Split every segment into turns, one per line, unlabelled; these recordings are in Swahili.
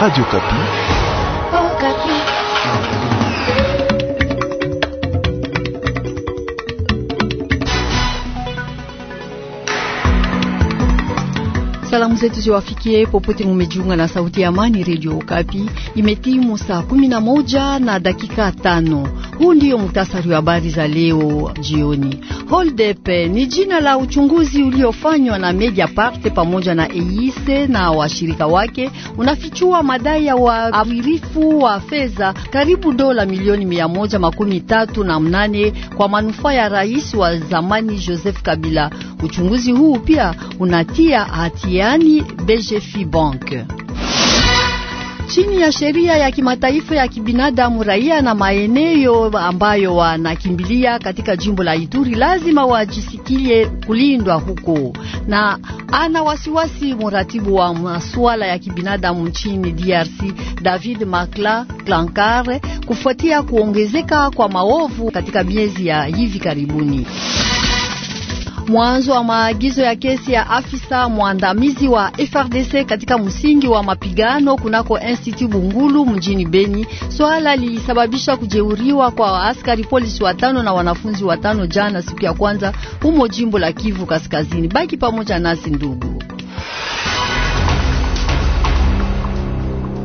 Radio Kapi.
zetu ziwafikie popote. Mumejiunga na sauti ya amani redio Okapi. Imetimu saa kumi na moja na dakika tano. Huu ndiyo muktasari wa habari za leo jioni. Holdep ni jina la uchunguzi uliofanywa na Mediapart pamoja na EISE na washirika wake, unafichua madai ya waarifu wa fedha karibu dola milioni mia moja makumi tatu na mnane kwa manufaa ya rais wa zamani Joseph Kabila. Uchunguzi huu pia unatia hatiani Kiswahili BGFI Bank. Chini ya sheria ya kimataifa ya kibinadamu, raia na maeneo ambayo wanakimbilia katika jimbo la Ituri lazima wajisikie kulindwa huko, na ana wasiwasi muratibu wa masuala ya kibinadamu nchini DRC David Makla Klankare kufuatia kuongezeka kwa maovu katika miezi ya hivi karibuni mwanzo wa maagizo ya kesi ya afisa mwandamizi wa FRDC katika msingi wa mapigano kunako Institut Bungulu mjini Beni. Swala lilisababisha kujeuriwa kwa askari polisi watano na wanafunzi watano jana siku ya kwanza humo jimbo la Kivu Kaskazini. Baki pamoja nasi ndugu.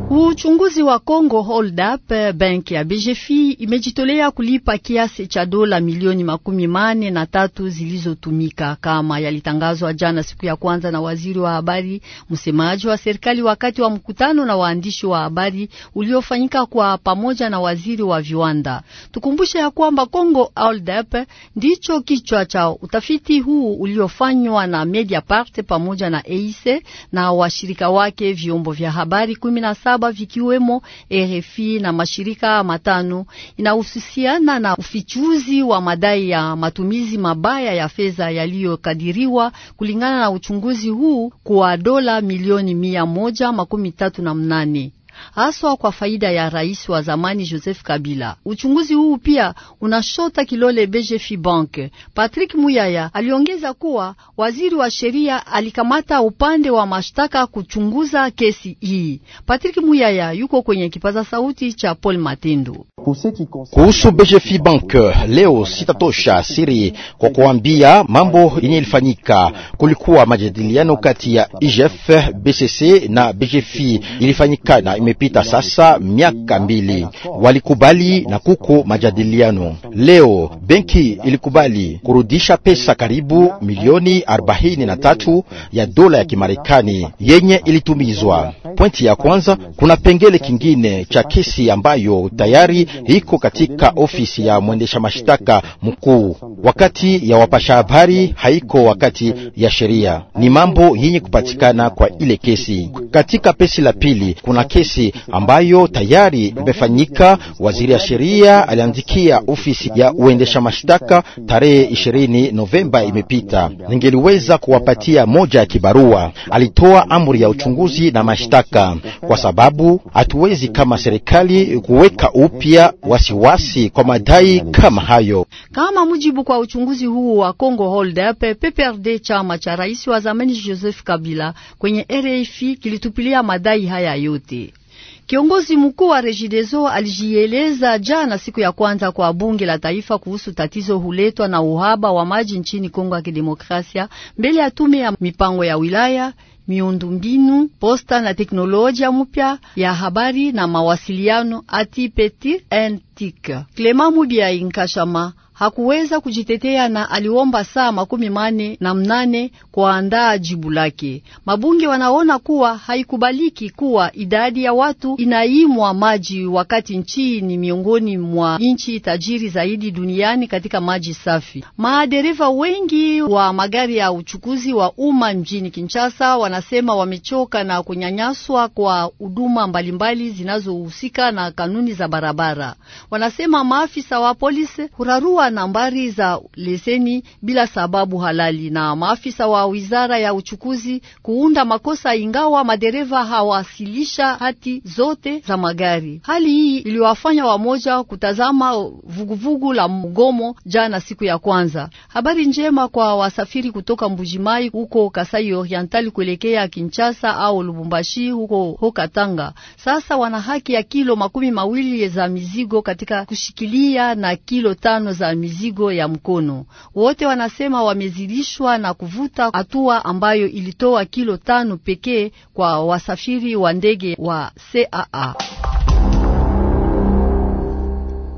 Uchunguzi wa Congo Hold Up eh, Bank ya BGFI imejitolea kulipa kiasi cha dola milioni makumi mane na tatu zilizotumika kama yalitangazwa jana siku ya kwanza na waziri wa habari msemaji wa serikali wakati wa mkutano na waandishi wa habari uliofanyika kwa pamoja na waziri wa viwanda. Tukumbushe ya kwamba Congo Hold Up ndicho kichwa cha utafiti huu uliofanywa na Mediapart pamoja na EIC na washirika wake vyombo vya habari 17 saba vikiwemo RFI na mashirika matano inahusiana na ufichuzi wa madai ya matumizi mabaya ya fedha yaliyokadiriwa kulingana na uchunguzi huu kwa dola milioni mia moja makumi tatu na mnane haswa kwa faida ya rais wa zamani Joseph Kabila. Uchunguzi huu pia unashota kilole BGF Bank. Patrick Muyaya aliongeza kuwa waziri wa sheria alikamata upande wa mashtaka kuchunguza kesi hii. Patrick Muyaya yuko kwenye kipaza sauti cha Paul Matendo
kuhusu BGF Bank. Leo sitatosha siri kwa kuambia mambo yenye ilifanyika. Kulikuwa majadiliano kati ya IGF, BCC na BGF ilifanyikana imepita sasa miaka mbili, walikubali na kuko majadiliano. Leo benki ilikubali kurudisha pesa karibu milioni 43 ya dola ya Kimarekani yenye ilitumizwa. Pointi ya kwanza, kuna pengele kingine cha kesi ambayo tayari iko katika ofisi ya mwendesha mashtaka mkuu, wakati ya wapasha habari haiko wakati ya sheria, ni mambo yenye kupatikana kwa ile kesi. Katika pesi la pili kuna kesi polisi ambayo tayari imefanyika. Waziri ya sheria aliandikia ofisi ya uendesha mashtaka tarehe ishirini Novemba imepita, ningeliweza kuwapatia moja ya kibarua. Alitoa amri ya uchunguzi na mashtaka, kwa sababu hatuwezi kama serikali kuweka upya wasiwasi kwa madai kama hayo.
Kama mujibu kwa uchunguzi huu wa Congo Hold Up, PPRD chama cha rais wa zamani Joseph Kabila kwenye RFI kilitupilia madai haya yote. Kiongozi mkuu wa Rejidezo alijieleza jana siku ya kwanza kwa bunge la taifa kuhusu tatizo huletwa na uhaba wa maji nchini Kongo ya Kidemokrasia mbele ya tume ya mipango ya wilaya miundombinu, posta na teknolojia mpya ya habari na mawasiliano, ATIPETIR NTIC. Clement Mubia Inkashama hakuweza kujitetea na aliomba saa makumi mane na mnane kuandaa jibu lake. Mabunge wanaona kuwa haikubaliki kuwa idadi ya watu inaimwa maji wakati nchi ni miongoni mwa nchi tajiri zaidi duniani katika maji safi. Madereva wengi wa magari ya uchukuzi wa umma mjini Kinshasa wanasema wamechoka na kunyanyaswa kwa huduma mbalimbali zinazohusika na kanuni za barabara. Wanasema maafisa wa polisi hurarua kutoa nambari za leseni bila sababu halali na maafisa wa wizara ya uchukuzi kuunda makosa, ingawa madereva hawasilisha hati zote za magari. Hali hii iliwafanya wamoja kutazama vuguvugu vugu la mgomo jana, siku ya kwanza. Habari njema kwa wasafiri kutoka Mbujimai huko Kasai Oriental kuelekea Kinshasa au Lubumbashi huko Hokatanga, sasa wana haki ya kilo makumi mawili za mizigo katika kushikilia na kilo tano za mizigo ya mkono. Wote wanasema wamezilishwa na kuvuta hatua ambayo ilitoa kilo tano pekee kwa wasafiri wa ndege wa CAA.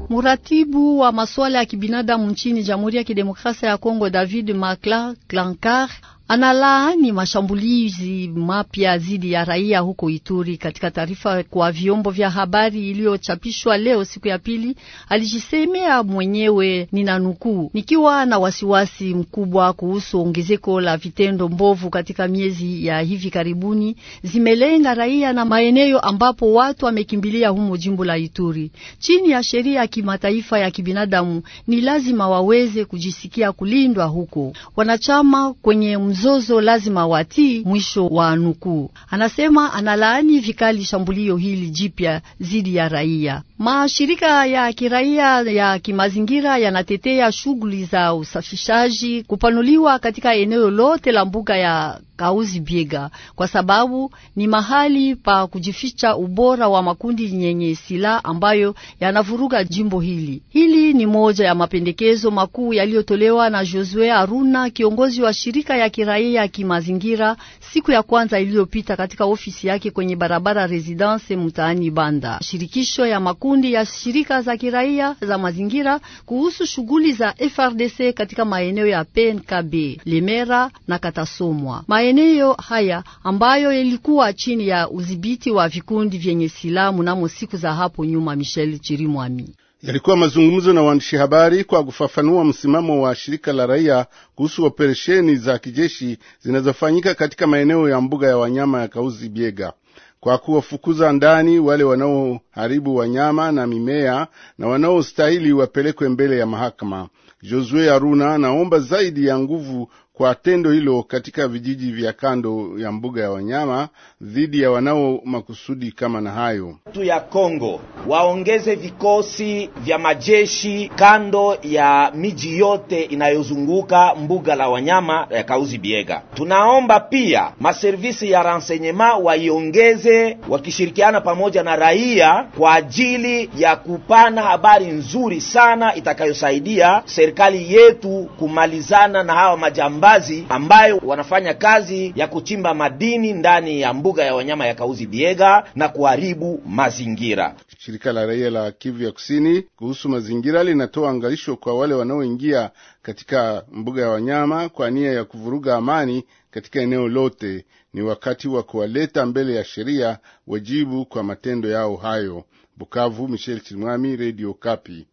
Muratibu wa masuala ya kibinadamu nchini Jamhuri ya Kidemokrasia ya Kongo David Makla Klankar analaani mashambulizi mapya dhidi ya raia huko Ituri. Katika taarifa kwa vyombo vya habari iliyochapishwa leo siku ya pili, alijisemea mwenyewe, ninanukuu, nikiwa na wasiwasi mkubwa kuhusu ongezeko la vitendo mbovu katika miezi ya hivi karibuni, zimelenga raia na maeneo ambapo watu wamekimbilia humo jimbo la Ituri. Chini ya sheria ya kimataifa ya kibinadamu, ni lazima waweze kujisikia kulindwa huko. Wanachama kwenye mzozo lazima watii mwisho wa nukuu. Anasema analaani vikali shambulio hili jipya dhidi ya raia. Mashirika ya kiraia ya kimazingira yanatetea shughuli za usafishaji kupanuliwa katika eneo lote la mbuga ya Kauzi Biega, kwa sababu ni mahali pa kujificha ubora wa makundi yenye silaha ambayo yanavuruga jimbo hili. Hili ni moja ya mapendekezo makuu yaliyotolewa na Josue Aruna, kiongozi wa shirika ya kiraia ya kimazingira, siku ya kwanza iliyopita katika ofisi yake kwenye barabara Residence mtaani Banda. Shirikisho ya makundi ya shirika za kiraia za mazingira kuhusu shughuli za FRDC katika maeneo ya PNKB, Lemera na Katasomwa maeneo haya ambayo yalikuwa chini ya udhibiti wa vikundi vyenye silaha mnamo siku za hapo nyuma. Michel Chirimwami
yalikuwa mazungumzo na waandishi habari kwa kufafanua msimamo wa shirika la raia kuhusu operesheni za kijeshi zinazofanyika katika maeneo ya mbuga ya wanyama ya Kauzi Biega kwa kuwafukuza ndani wale wanaoharibu wanyama na mimea na wanaostahili wapelekwe mbele ya mahakama. Josue Aruna anaomba zaidi ya nguvu kwa tendo hilo katika vijiji vya kando ya mbuga ya wanyama dhidi ya wanao makusudi kama na hayo Watu ya Kongo, waongeze vikosi vya majeshi kando ya miji yote inayozunguka mbuga la wanyama ya Kauzi Biega. Tunaomba pia maservisi ya renseignement waiongeze wakishirikiana pamoja na raia kwa ajili ya kupana habari nzuri sana itakayosaidia serikali yetu kumalizana na hawa majamba majambazi ambayo wanafanya kazi ya kuchimba madini ndani ya mbuga ya wanyama ya Kauzi Biega na kuharibu mazingira. Shirika la raia la Kivu ya Kusini kuhusu mazingira linatoa angalisho kwa wale wanaoingia katika mbuga ya wanyama kwa nia ya kuvuruga amani katika eneo lote. Ni wakati wa kuwaleta mbele ya sheria wajibu kwa matendo yao hayo. Bukavu, Michel Chimwami, Radio Kapi.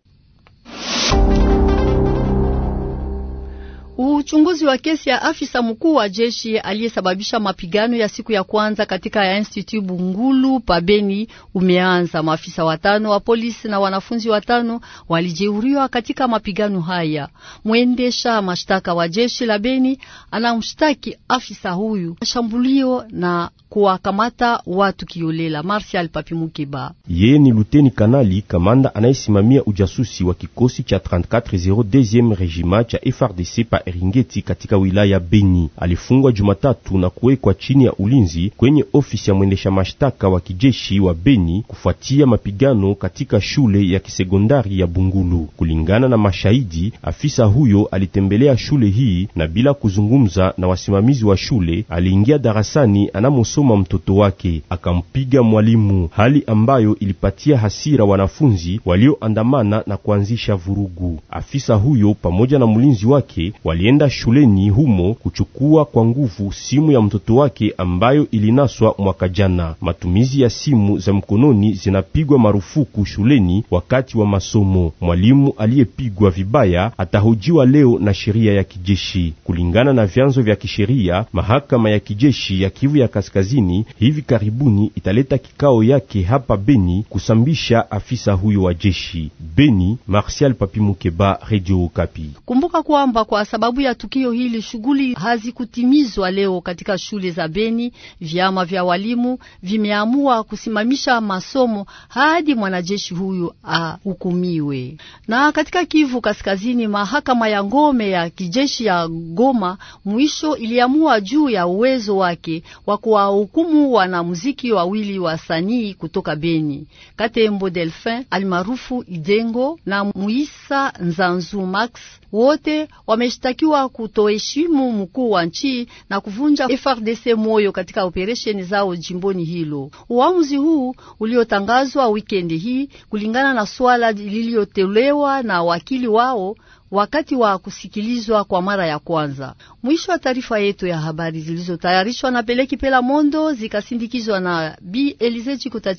Uchunguzi wa kesi ya afisa mkuu wa jeshi aliyesababisha mapigano ya siku ya kwanza katika ya Institut Bungulu pabeni umeanza. Maafisa watano wa polisi na wanafunzi watano walijeruhiwa katika mapigano haya. Mwendesha mashtaka wa jeshi la Beni anamshtaki afisa huyu shambulio na kuwakamata watu kiolela. Martial Papi Mukeba,
yeye ni luteni kanali kamanda anayesimamia ujasusi wa kikosi cha 340 deuxième régiment cha FRDC pa Eringeti katika wilaya Beni. Alifungwa Jumatatu na kuwekwa chini ya ulinzi kwenye ofisi ya mwendesha mashtaka wa kijeshi wa Beni kufuatia mapigano katika shule ya kisekondari ya Bungulu. Kulingana na mashahidi, afisa huyo alitembelea shule hii na bila kuzungumza na wasimamizi wa shule aliingia darasani anamosoma mtoto wake, akampiga mwalimu, hali ambayo ilipatia hasira wanafunzi walioandamana na kuanzisha vurugu. Afisa huyo pamoja na mlinzi wake walienda shuleni humo kuchukua kwa nguvu simu ya mtoto wake ambayo ilinaswa mwaka jana. Matumizi ya simu za mkononi zinapigwa marufuku shuleni wakati wa masomo. Mwalimu aliyepigwa vibaya atahojiwa leo na sheria ya kijeshi. Kulingana na vyanzo vya kisheria, mahakama ya kijeshi ya Kivu ya Kaskazini hivi karibuni italeta kikao yake hapa Beni kusambisha afisa huyo wa jeshi. Beni, Martial Papi Mukeba, Radio Okapi.
Kumbuka kwamba kwa sababu sababu ya tukio hili, shughuli hazikutimizwa leo katika shule za Beni. Vyama vya walimu vimeamua kusimamisha masomo hadi mwanajeshi huyu ahukumiwe. Na katika Kivu Kaskazini, mahakama ya ngome ya kijeshi ya Goma mwisho iliamua juu ya uwezo wake wa kuwahukumu wanamuziki wawili wasanii kutoka Beni, Katembo Delfin almaarufu Idengo na Muisa Nzanzu Max, wote wameshtaki inashtakiwa kutoheshimu mkuu wa nchi na kuvunja frdc moyo katika operesheni zao jimboni hilo. Uamuzi huu uliotangazwa wikendi hii kulingana na swala lililotolewa na wakili wao wakati wa kusikilizwa kwa mara ya kwanza. Mwisho wa taarifa yetu ya habari zilizotayarishwa na Peleki Pela Mondo zikasindikizwa na Bi Elize Chikota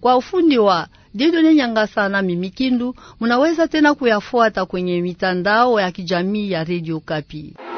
kwa ufundi wa dedo Nyangasa na Mimikindu. Munaweza tena kuyafuata kwenye mitandao ya kijamii ya Radio Kapi.